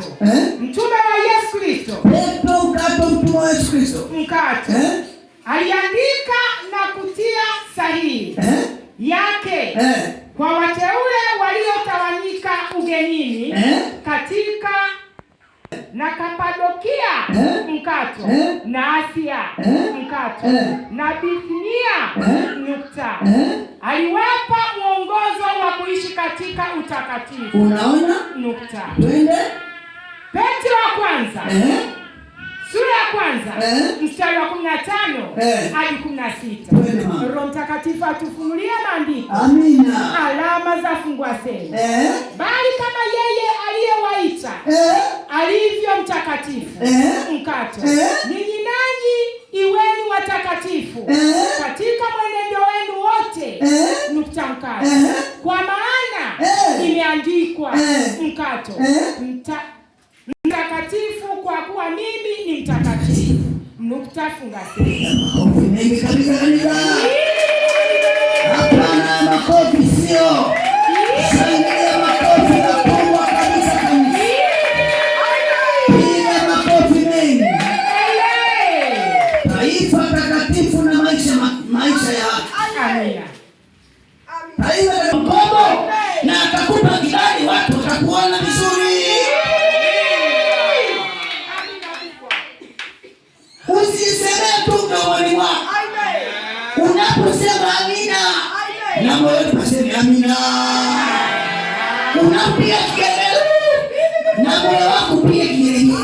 mkato eh? Mtume wa Yesu Kristo leo mkato mtume wa Yesu Kristo mkato eh? Aliandika na kutia sahihi eh? yake eh? kwa wateule waliotawanyika ugenini eh? katika na Kapadokia eh? mkato eh? na Asia eh? mkato eh? na Bithinia eh? nukta eh? aliwapa mwongozo wa kuishi katika utakatifu. Unaona nukta, twende Petro wa kwanza eh? sura ya kwanza eh? mstari wa kumi na tano eh? hadi eh? kumi na sita Roho Mtakatifu atufunulie maandiko. Amina. alama za fungwaseli eh? bali kama yeye aliyewaita eh? alivyo mtakatifu eh? mkato eh? ninyi nanyi iweni watakatifu eh? katika mwenendo wenu wote eh? nukta mkato eh? kwa maana eh? imeandikwa eh? mkato eh? Mta tutafunga sasa. Hapana, makofi sio. Shangilia makofi makubwa kabisa kabisa. Piga makofi mengi. Taifa takatifu na maisha maisha ya Taifa mkobo na atakupa kibali watu watakuona kusema amina na moyo tupaseme amina. Unapiga kelele na moyo wako pia kelele,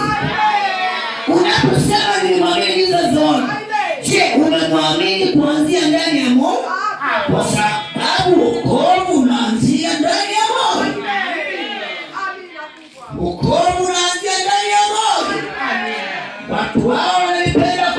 unaposema nimemwamini Jesus zone, Je, unamwamini kuanzia ndani ya moyo? Kwa sababu wokovu unaanzia ndani ya moyo, wokovu unaanzia ndani ya moyo. Watu wao wanalipenda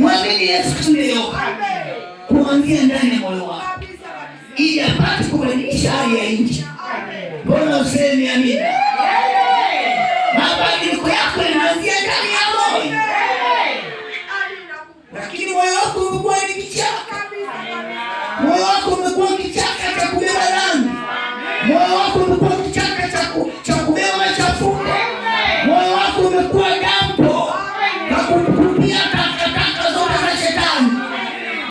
Mwamini Yesu Kristo kuanzia ndani ya moyo wako, ili apate kubadilisha hali ya nje. Mbona useme amina? Mabadiliko yako yanaanzia ndani ya moyo, lakini moyo wako umekuwa ni kichaka, moyo wako umekuwa kichaka cha kubeba dhambi, moyo wako umekuwa kichaka cha kubeba machafuko, moyo wako umekuwa